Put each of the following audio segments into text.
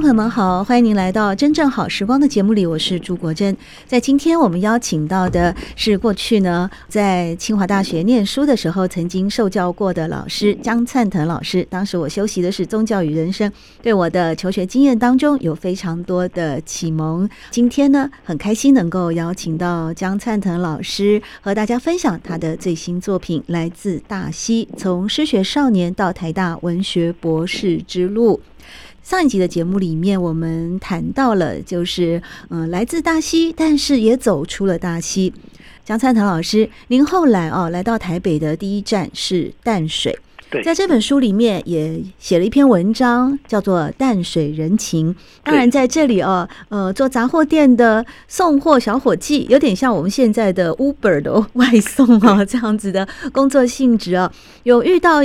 朋友們好，歡迎您來到《真正好時光》的節目裡，我是朱國珍。在今天我們邀請到的是過去呢，在清華大學念書的時候曾經受教過的老師江燦騰老師。當時我修習的是宗教與人生，對我的求學經驗當中有非常多的啟蒙。今天呢，很開心能夠邀請到江燦騰老師和大家分享他的最新作品，來自大溪》。從失學少年到台大文學博士之路。上一集的節目裡，裡面我們談到了，就是嗯、呃，來自大溪，但是也走出了大溪。江燦騰老師，您後來哦來到台北的第一站是淡水，對，在這本書裡面也寫了一篇文章，叫做《淡水人情》。當然在這裡哦，對呃，做雜貨店的送貨小夥計，有點像我們現在的 Uber 的外送啊，對這樣子的工作性質哦、啊，有遇到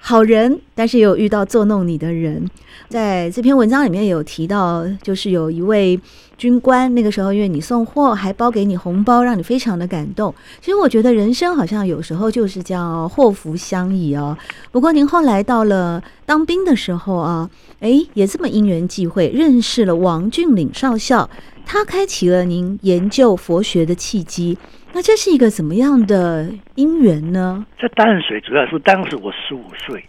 好人。但是又遇到作弄你的人，在這篇文章裡面有提到，就是有一位軍官，那個時候因為你送貨還包給你紅包，讓你非常的感動。其實我覺得人生好像有時候就是叫禍福相倚哦。不過您後來到了當兵的時候啊，誒，也這麼因緣際會，認識了王俊嶺少校，他開啟了您研究佛學的契機。那這是一個怎麼樣的因緣呢？在淡水，主要是當時我十五歲。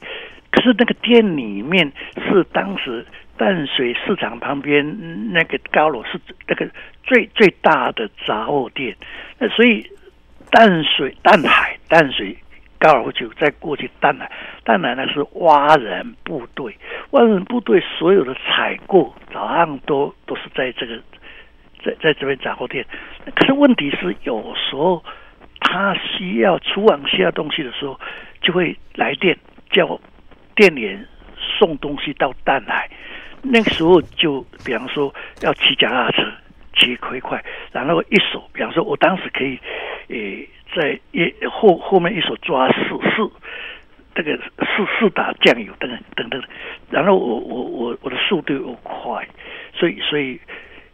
可是那個店裡面是當時淡水市場旁邊那個高樓是那個最最大的雜貨店，那所以淡水、淡海、淡水高爾夫球再過去淡海、淡海呢是蛙人部隊，蛙人部隊所有的採購早上都都是在這個在在這邊雜貨店。可是問題是有時候他需要出往需要東西的時候，就會來電叫我，店員送東西到淡海，那個時候就比方說要騎腳踏車騎快快，然後一手比方說我當時可以誒、欸，在一後後面一手抓四四，這個四四打醬油等等、等等，然後我我我我的速度又快，所以所以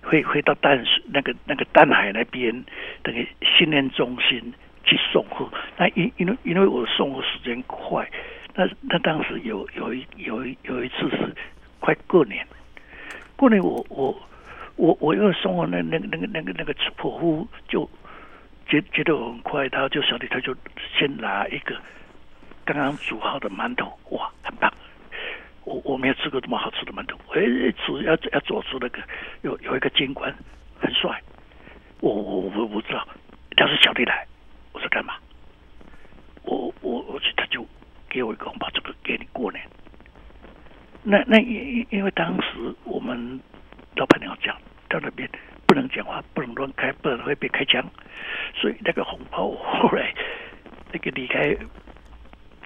會會到淡水那個那個淡海那邊那個訓練中心去送貨，那因因為因為我送貨時間快。那那當時有有一有一有一次是快過年，過年我我我我又送我那那個那個那個那個破戶、那個、就覺覺得很快，他就小弟他就先拿一個剛剛煮好的饅頭，哇，很大！我我沒有吃過這麼好吃的饅頭，哎，主要要走出那個有有一個軍官很帥，我我我我不知道，他說，小弟來，我說幹嘛？我我。給我一個紅包，這個給你過年。那那因為因為當時我們老闆娘講到那邊不能講話，不能亂開，不然會被開槍。所以那個紅包後來那個離開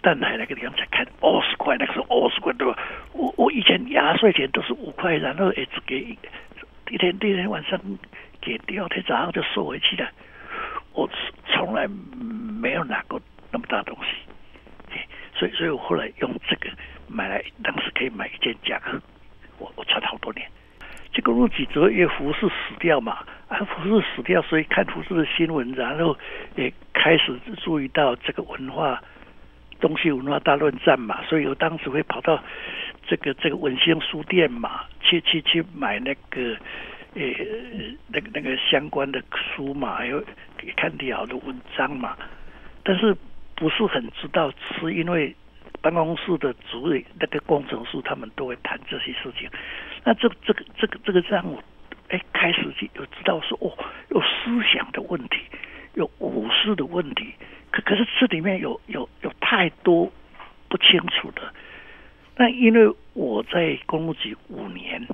淡海那個地方才開二十塊，那個時候二十塊多。我我以前壓歲錢都是五塊，然後也只給一天，第一天晚上給，第二天早上就收回去了。我從來沒有拿過。所以，我後來用這個買來，當時可以買一件夾克，我我穿了好多年。這個陸啟澤也胡適死掉嘛，啊，胡適死掉，所以看胡適的新聞，然後也開始注意到這個文化東西文化大論戰嘛，所以我當時會跑到這個這個文星書店嘛，去去去買那個呃那個那個相關的書嘛，還有看挺好的文章嘛，但是。不是很知道，是因為辦公室的主任、那個工程師，他們都會談這些事情。那這個、這個這個這個讓我哎開始就有知道說哦，有思想的問題，有武士的問題。可可是這裡面有有有太多不清楚的。那因為我在公路局五年，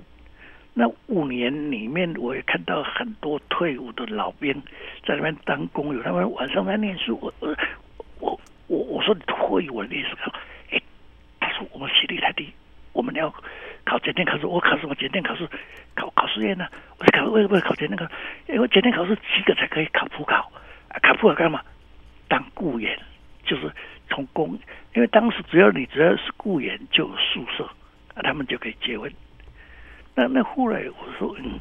那五年裡面我也看到很多退伍的老兵在那邊當工友，他們晚上在念書。我呃我我我說，你脫衣，我的意思說，哎、欸，他說，我們學歷太低，我們要考檢定考試，我考什麼檢定考試？考考試驗呢？我是考為什麼考檢定考？因為檢定考試七個才可以考普考，啊、考普考幹嘛？當僱員就是從公，因為當時只要你只要是僱員就有宿舍，啊、他們就可以結婚。那那後來我說嗯，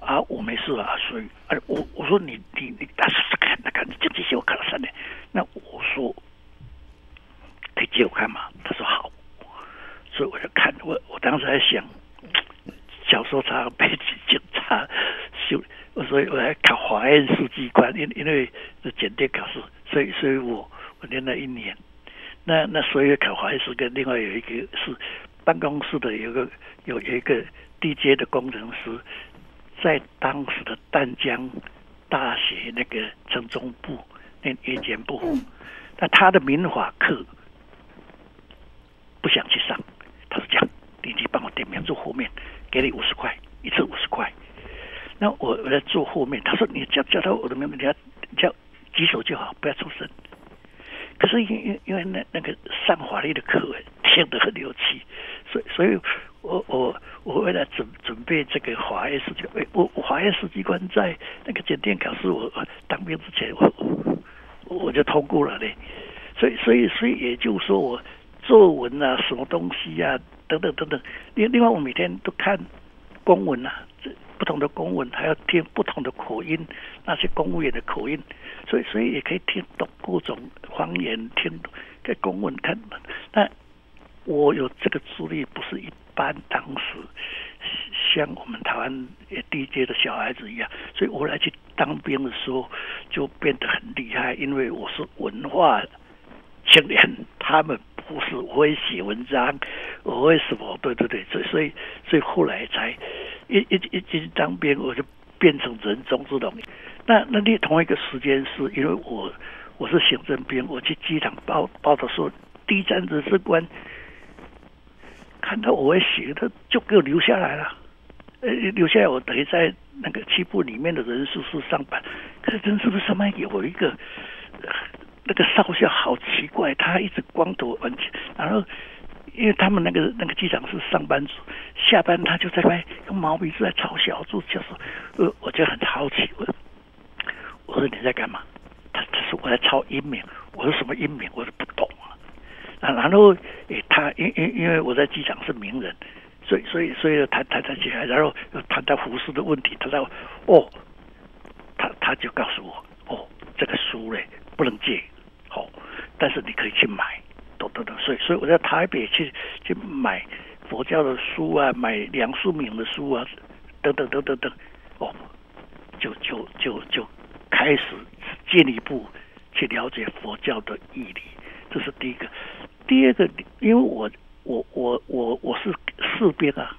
啊，我沒事啊，所以啊，我我說你你你。你啊那看就這些，我看了三年。那我說可以借我看嗎？他說好，所以我就看。我我當時還想，小說他被警察修，所以我還考法院書記官，因為因為是檢定考試，所以所以我我練了一年。那那所以考法院是跟另外有一個是辦公室的，有個有一個 DJ 的工程師，在當時的淡江。大學那個城中部那夜間部，那他的民法課不想去上，他說：“這樣，你去幫我點名坐後面，給你五十塊，一次五十塊。”那我我在坐後面，他說：“你叫叫他，我的名字，叫舉手就好，不要出聲。”可是因因因為那那個上法律的課，聽得很有趣，所以所以。我我我為了準準備這個華 S 機、欸、我華 S 機關在那個檢定考試，我當兵之前我我，我就通過了嘞，所以所以所以也就是說我作文啊，什麼東西呀、啊，等等等等。另另外，我每天都看公文啊，這不同的公文還要聽不同的口音，那些公務員的口音，所以所以也可以聽懂各種方言，聽懂這公文看那。我有這個資歷，不是一般當時像我們台灣低階的小孩子一樣，所以我來去當兵的時候就變得很厲害，因為我是文化青年，他們不是，我會寫文章，我會什麼？對對對，所以所以後來才一一一去當兵，我就變成人中之龍。那那你同一個時間是因為我我是行政兵，我去機場報報到說第一站人事官，看到我會寫，他就給我留下來了。呃、欸，留下來我等於在那個機部裡面的人事部上班。可是人事部上班有一個、呃、那個少校，好奇怪，他一直光頭，而且然後因為他們那個那個機長是上班族，下班他就在外用毛筆在抄小字，就是呃，我就很好奇，我，我說你在幹嘛？他他說我在抄英名。我說什麼英名？我都不懂。啊，然後，誒，他因因因為我在機場是名人，所以所以所以，他他他起來，然後又談到胡適的問題，他在哦，他他就告訴我，哦，這個書嘞，不能借，好，哦，但是你可以去買，等等等，所以所以我在台北去去買佛教的書啊，買梁漱溟的書啊，等等等等等，哦，就就就就開始進一步去了解佛教的義理。這是第一個，第二個，因為我我我我我是士兵啊，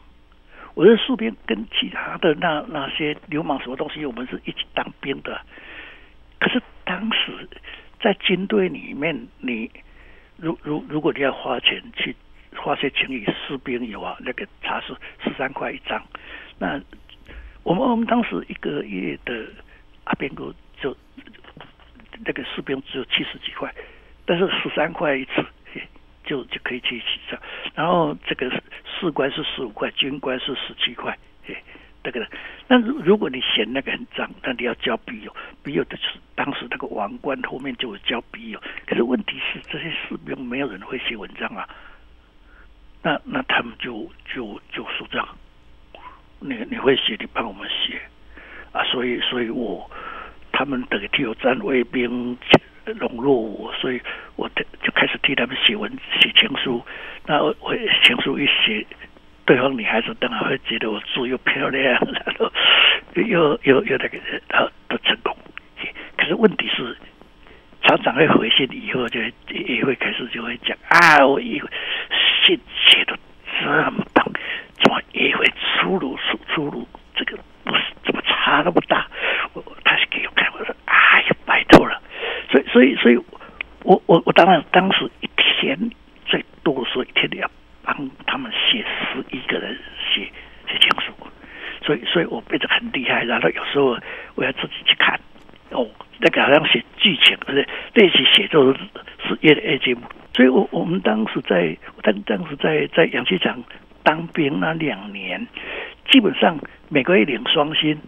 我是士兵，跟其他的那那些流氓什麼東西，我們是一起當兵的啊。可是當時在軍隊裡面，你如如如果你要花錢去花些錢給士兵有啊，那個茶是十三塊一張。那我們我們當時一個月的阿兵哥就那個士兵只有七十幾塊。但是十三塊一次，嘿就就可以去洗賬。然後這個士官是十五塊，軍官是十七塊，嘿，這個人但如果你嫌那個很髒，那你要交筆友。筆友的就是當時那個王冠後面就有交筆友。可是問題是這些士兵沒有人會寫文章啊，那那他們就就就說這樣。你你會寫，你幫我們寫啊。所以所以我他們這個替我站衛兵，融入我，所以我就開始替他們寫文、寫情書。那我，我情書一寫，對方女孩子當然會覺得我字又漂亮，然後又又又那個，呃、啊、都成功。可是問題是，常常會回信，以後就會也會開始就會講啊，我以為信寫的這麼棒，怎麼也會粗魯、粗，粗魯？這個不是怎麼差那麼大？所以，所以，所以我，我，我當然，當時一天最多的時候一天要幫他們寫十一個人寫寫情書，所以，所以我變得很厲害。然後有時候我要自己去，去看哦，那個好像寫劇情，而且是練習寫，那個、就是事業的 A 節目。所以我，我我們當時在在當時在在氧氣場當兵那兩年，基本上每個月領雙薪。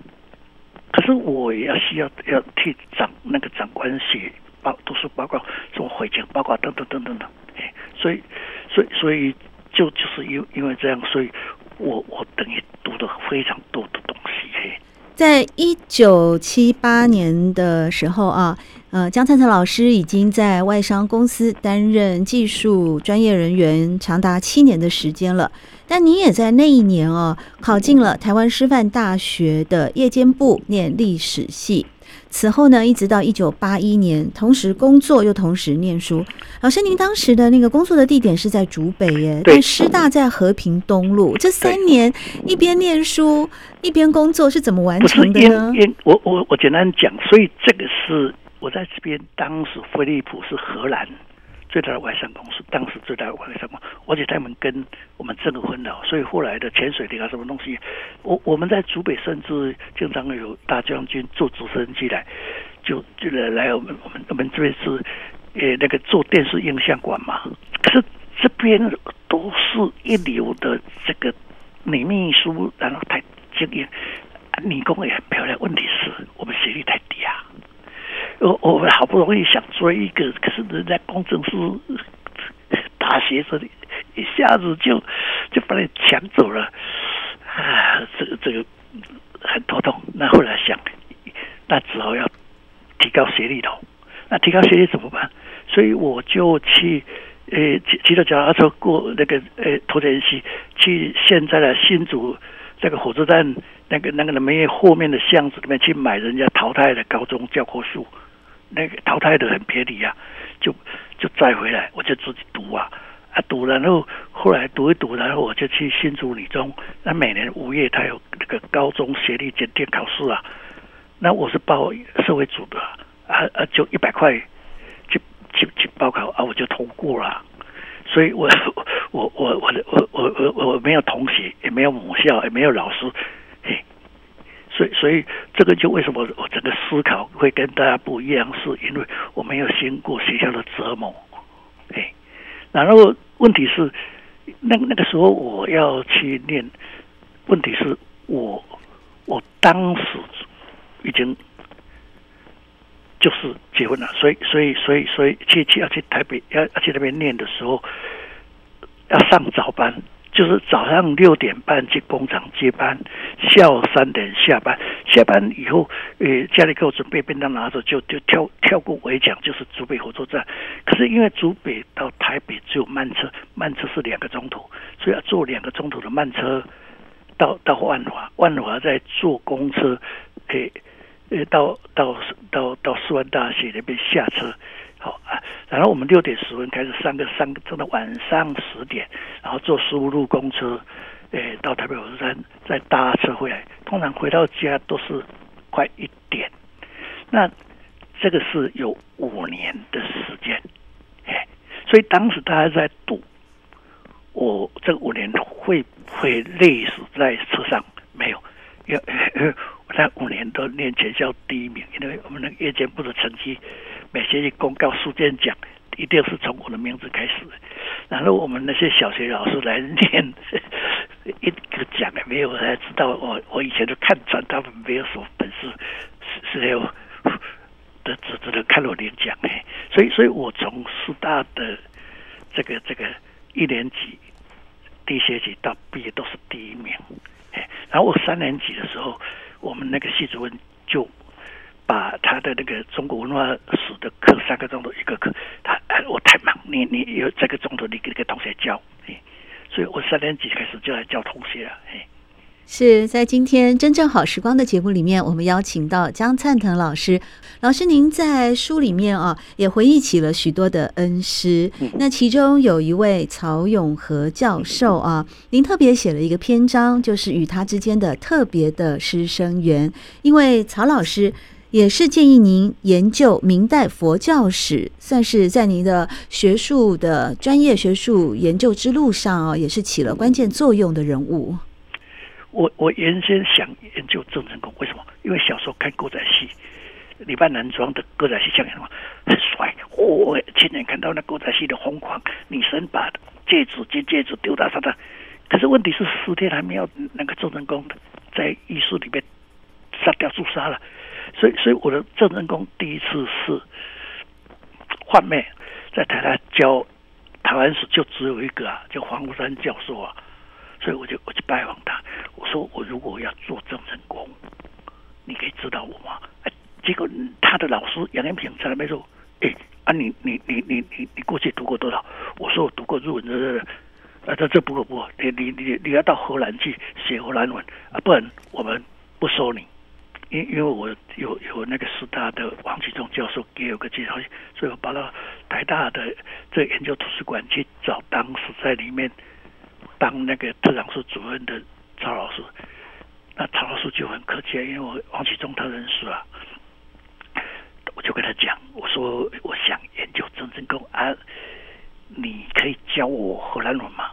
可是我也要需要要替長那個長官寫報讀書報告、什麼會議報告等等等等等，欸，所以所以所以就就是因為因為這樣，所以我我等於讀了非常多的東西。欸，在一九七八年的時候啊，呃，江燦騰老師已經在外商公司擔任技術專業人員長達七年的時間了。那您也在那一年哦，考進了臺灣師範大學的夜間部念歷史系。此後呢，一直到一九八一年，同時工作又同時念書。老師，您當時的那個工作的地點是在竹北耶？對但師大在和平東路。對這三年一邊念書，對一邊工作是怎麼完成的呢？我我我簡單講，所以這個是我在這邊當時，飛利浦是荷蘭。最大的外商公司，當時最大的外商公司，而且他們跟我們徵婚了，所以後來的潛水艇啊什麼東西，我我們在竹北甚至經常有大將軍坐直升機來，就就來來我們我們,我們這邊是呃那個做電視影像館嘛，可是這邊都是一流的這個女秘書，然後太敬業，女、啊、工也很漂亮，問題是我們學歷太低啊。我我們好不容易想追一個，可是人家工程師大學學歷，一下子就就把你搶走了，啊，這個這個很頭痛。那後來想，那只好要提高學歷了。那提高學歷怎麼辦？所以我就去，呃騎着腳踏車過那個，呃頭前溪，去現在的新竹那個火車站那個那個門後面的巷子裡面去買人家淘汰的高中教科書。那個淘汰的很便宜啊，就就再回來，我就自己讀啊啊讀，然後後來讀一讀，然後我就去新竹理中。那每年五月他有那個高中學歷檢定考試啊，那我是報社會組的啊啊，就一百塊去去去報考啊，我就通過了啊。所以我我我我我我我我沒有同學，也沒有母校，也沒有老師。所以，所以這個就為什麼我整個思考會跟大家不一樣，是因為我沒有經過學校的折磨，哎。然後問題是，那那個時候我要去念，問題是我，我我當時已經就是結婚了，所以，所以，所以，所以，所以去去要去台北，要要去那邊念的時候，要上早班。就是早上六點半去工廠接班，下午三點下班。下班以後，呃，家裡給我準備便當，拿着就就跳跳過圍牆，就是竹北火車站。可是因為竹北到台北只有慢車，慢車是兩個鐘頭，所以要坐兩個鐘頭的慢車到到萬華，萬華再坐公車，可以呃到到到到師範大學那邊下車。然後我們六點十分開始上個上個，上個上到晚上十點，然後坐十五路公車，誒、呃，到台北火車站再搭車回來。通常回到家都是快一點。那這個是有五年的時間，哎，所以當時大家在賭，我這五年會不會累死在車上？沒有，因為，因為我那五年都念全校第一名，因為我們那個夜間部的成績。每學期公告書卷獎，一定是從我的名字開始。然後我們那些小學老師來念一個獎也沒有人知道我。我以前都看穿他們沒有什麼本事，是是有。的只知道看我領獎，所以，所以我從師大的這個這個一年級、第一學期到畢業都是第一名。然後我三年級的時候，我們那個系主任就把他的那個中國文化。三個鐘頭一個課，他、啊、哎，我太忙。你你有這個鐘頭，你給個同學教。所以我三年級開始就來教同學了，欸、是在今天真正好時光的節目裡面，我們邀請到江燦騰老師。老師您在書裡面啊，也回憶起了許多的恩師。那其中有一位曹永和教授啊，您特別寫了一個篇章，就是與他之間的特別的師生緣。因為曹老師，也是建議您研究明代佛教史，算是在您的學術的專業學術研究之路上啊、哦，也是起了關鍵作用的人物。我我原先想研究鄭成功，為什麼？因為小時候看歌仔戲，女扮男裝的歌仔戲，像什麼很帥，我親眼看到那歌仔戲的瘋狂，女生把戒指、金戒指丟到他的，可是問題是，十天還沒有那個鄭成功的，在藝術裡面殺掉自殺了。所以，所以我的鄭成功第一次是換面在台灣教台灣史，就只有一個啊，叫黃福山教授啊，所以我就我去拜訪他，我說我如果要做鄭成功，你可以指導我嗎？哎，結果他的老師楊延平在那邊說，哎、欸、啊你你你你你你過去讀過多少？我說我讀過日文的，啊這這不夠不你你你你要到荷蘭去寫荷蘭文啊，不然我們不收你。因因為我有有那個師大的王啟忠教授也有個介紹，所以我跑到台大的這個研究圖書館去找當時在裡面當那個特藏室主任的曹老師，那曹老師就很客氣，因為我王啟忠他認識啊，我就跟他講，我說我想研究鄭成功啊，你可以教我荷蘭文嗎？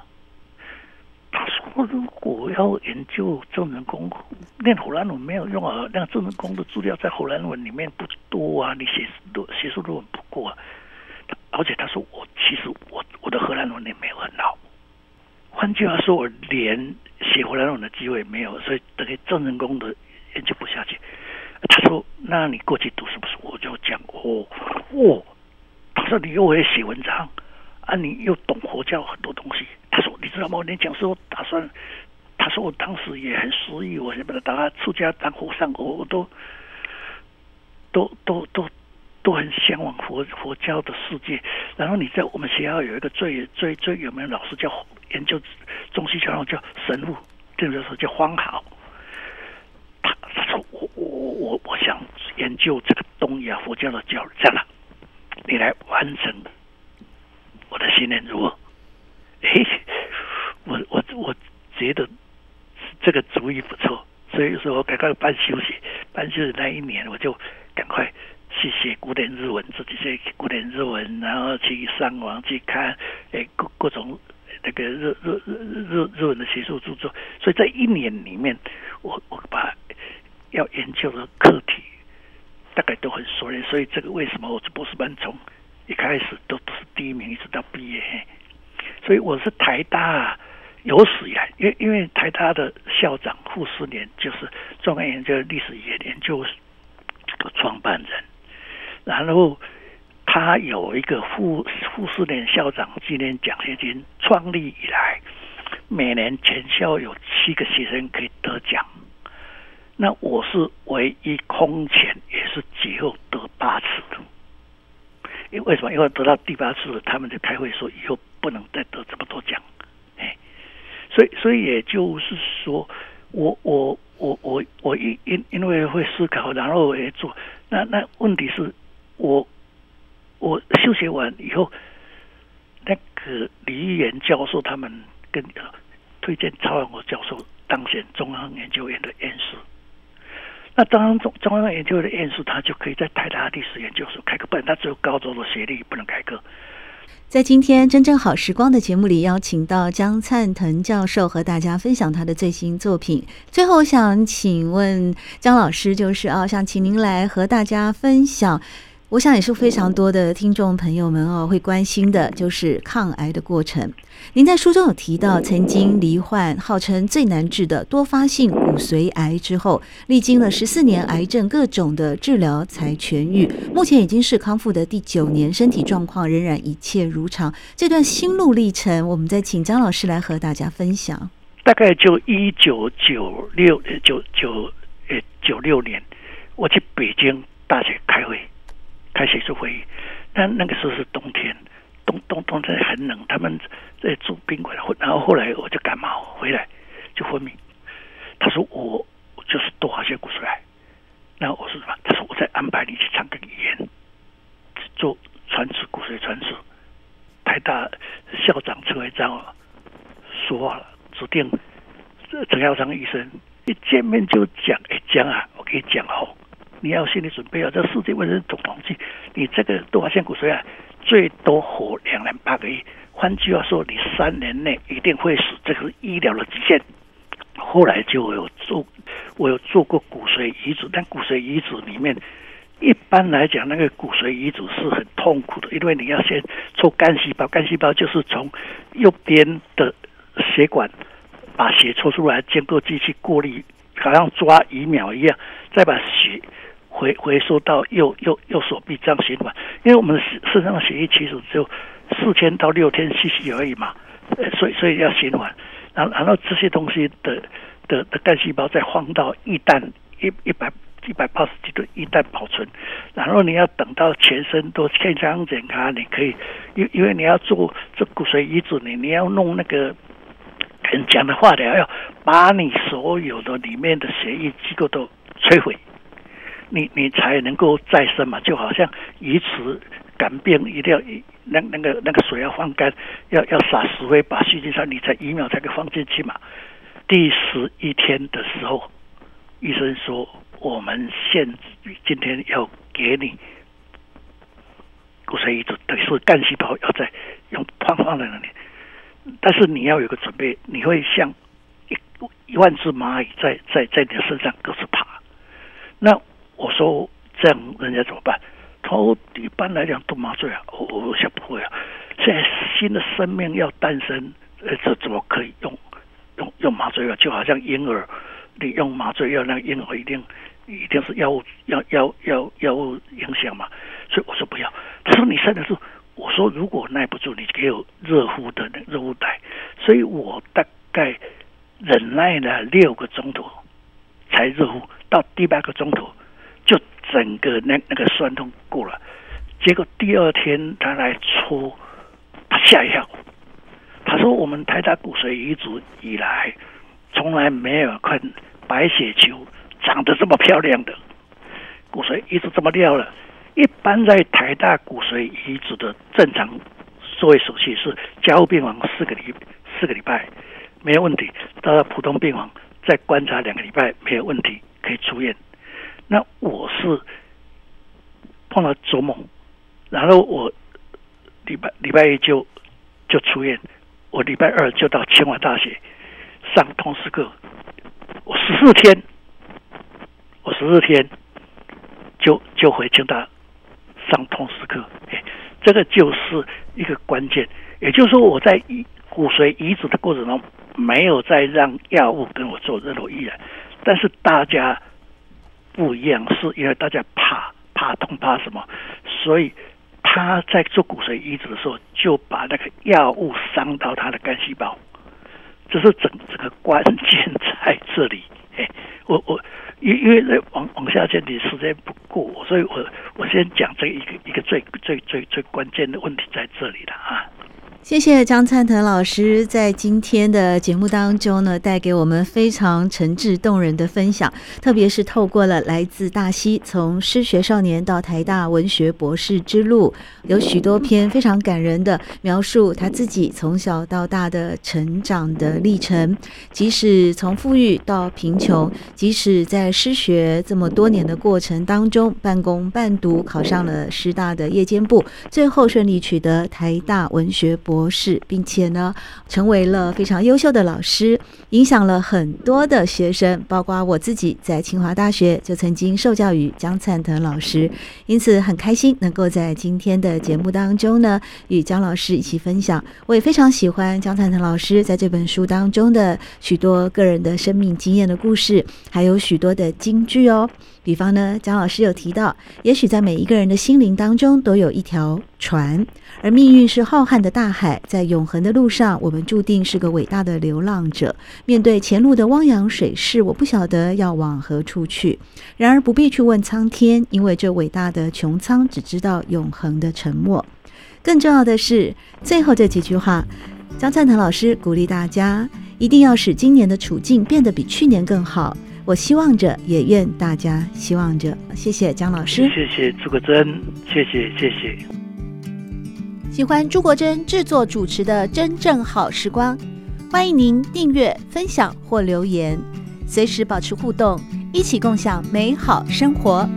他說如果要研究鄭成功，念荷蘭文沒有用啊。那鄭成功的資料在荷蘭文裡面不多啊。你寫的，寫書論文不夠啊，而且他說我其實我我的荷蘭文也沒有很好。換句話說，我連寫荷蘭文的機會也沒有，所以等於鄭成功的研究不下去。他說：“那你過去讀是不是？”我就講：“哦哦。”他說：“你又會寫文章啊？你又懂佛教很多東西。”他說：“你知道嗎？我年輕時候打算，他說我當時也很失意。我原本打算出家當和尚，我都都都都都很向往佛佛教的世界。然後你在我們學校有一個最最最有名的老師叫，叫研究中西橋梁，叫神父，個、就是說叫方豪。他他說我我我我想研究這個東亞、啊、佛教的教育，這樣、啊、你來完成我的信念如何？”哎，我我我覺得這個主意不錯，所以說我趕快辦休息，辦休息那一年，我就趕快去寫古典日文，自己寫古典日文，然後去上網去看，誒、欸，各各種那個日日日日日文的學術著作，所以在一年裡面，我我把要研究的課題大概都很熟練，所以這個為什麼我博士班從一開始都不是第一名，一直到畢業。所以我是台大有史以來，因為因為台大的校長傅斯年就是中央研究院歷史語言研究所創辦人，然後他有一個傅傅斯年校長紀念獎學金，創立以來每年全校有七個學生可以得獎，那我是唯一空前，也是只有得八次的，因為什麼？因為得到第八次了，他們就開會說以後。不能再得這麼多獎，哎，所以所以也就是說，我我我我我因因因為會思考，然後我也做。那那問題是我，我我休學完以後，那個李亦園教授他們跟、呃、推薦曹永國教授當選中央研究院的院士。那當中中央研究院的院士，他就可以在臺大歷史研究所開課，不然他只有高中的學歷不能開課。在今天《真正好時光》的節目裡，邀請到江燦騰教授和大家分享他的最新作品。最後，想請問江老師，就是啊，想請您來和大家分享。我想也是非常多的聽眾朋友們哦，會關心的就是抗癌的過程。您在書中有提到，曾經罹患號稱最難治的多發性骨髓癌之後，歷經了十四年癌症各種的治療才痊癒，目前已經是康復的第九年，身體狀況仍然一切如常。這段心路歷程，我們再請江老師來和大家分享。」大概就一九九六呃九九呃九六年，我去北京大學開會。開學術會議，但那，那個時候是冬天，冬冬冬天很冷，他們在住賓館。然後後來我就感冒回來就昏迷。他說：“我就是多發性骨髓癌。”然後我說什麼？他說：“我再安排你去長庚醫院，做穿刺骨髓穿刺。”台大校長出來這樣說話了，指定陳耀昌醫生一見面就講：“哎、欸，江啊，我給你講哦。”你要有心理準備啊！這世界衛生組統計，你這個多發性骨髓癌，最多活兩年八個月。換句話說，你三年內一定會死，這個是醫療的極限。後來就有做，我有做過骨髓移植，但骨髓移植裡面一般來講，那個骨髓移植是很痛苦的，因為你要先抽幹細胞，幹細胞就是從右邊的血管把血抽出來，經過機器過濾，好像抓魚苗一樣，再把血。回回收到右右右手臂這樣循環，因為我們身上的血液其實只有四天到六天期息而已嘛，所以所以要循環。然後然後這些東西的的，的，的乾細胞再放到液氮一 100, 100一百一百八十幾度液氮保存。然後你要等到全身都健康健康，你可以因因為你要做這骨髓移植，你你要弄那個很強的化療，要把你所有的裡面的血液機構都摧毀。你你才能夠再生嘛？就好像魚池，感病一定要一那那個那個水要放乾，要要撒石灰把細菌上，你才魚苗才給放進去嘛？第十一天的時候，醫生說我們現今天要給你骨髓移植，等於幹細胞要在用放放在那裡。但是你要有個準備，你會像一一萬隻螞蟻在在在你的身上各自爬，那。我說這樣人家怎麼辦？他說一般來講都麻醉啊，哦、我我想不會啊。現在新的生命要誕生，這怎麼可以用用用麻醉藥、啊？就好像嬰兒，你用麻醉藥，那個嬰兒一定一定是藥物藥藥藥藥物影響嘛？所以我說不要。他說你生的時候，我說如果耐不住，你給我熱敷的熱敷袋。所以我大概忍耐了六個鐘頭才熱敷，到第八個鐘頭。整個那那個酸痛過了，結果第二天他來抽，他嚇一跳。他說：“我們台大骨髓移植以來，從來沒有看白血球長得這麼漂亮的，骨髓移植這麼亮了。一般在台大骨髓移植的正常術後手續是加護病房四個禮四個禮拜沒有問題，到了普通病房再觀察兩個禮拜沒有問題，可以出院。”那我是碰到週末，然後我禮拜禮拜一就就出院，我禮拜二就到清華大學上通識課，我十四天，我十四天就就回清華上通識課，欸，這個就是一個關鍵，也就是說我在移骨髓移植的過程中沒有再讓藥物跟我做任何依賴，但是大家。不一樣，是因為大家怕怕痛怕什麼，所以他在做骨髓移植的時候，就把那個藥物傷到他的幹細胞，這是整這個關鍵在這裡。哎、欸，我我。因因為，因為往往下講你時間不夠，所以我我先講這一個一個最最最最關鍵的問題在這裡了啊！謝謝江燦騰老師在今天的節目當中呢，帶給我們非常誠摯動人的分享，特別是透過了來自大溪，從失學少年到台大文學博士之路，有許多篇非常感人的描述他自己從小到大的成長的歷程，即使從富裕到貧窮，即使在在失學這麼多年的過程當中，半工半讀考上了師大的夜間部，最後順利取得台大文學博士，並且呢成為了非常優秀的老師，影響了很多的學生，包括我自己在清華大學就曾經受教於江燦騰老師，因此很開心能夠在今天的節目當中呢與江老師一起分享。我也非常喜歡江燦騰老師在這本書當中的許多個人的生命經驗的故事，還有許多。的金句哦，比方呢，江老師有提到，也許在每一個人的心靈當中都有一條船，而命運是浩瀚的大海，在永恆的路上，我們注定是個偉大的流浪者。面對前路的汪洋水勢，我不曉得要往何處去。然而不必去問蒼天，因為這偉大的穹蒼只知道永恆的沉默。更重要的是，最後這幾句話，江燦騰老師鼓勵大家，一定要使今年的處境變得比去年更好。我希望着，也願大家希望着。謝謝江老師，謝謝朱國珍，謝謝謝謝。喜歡朱國珍制作主持的《真正好時光》，歡迎您訂閱、分享或留言，隨時保持互動，一起共享美好生活。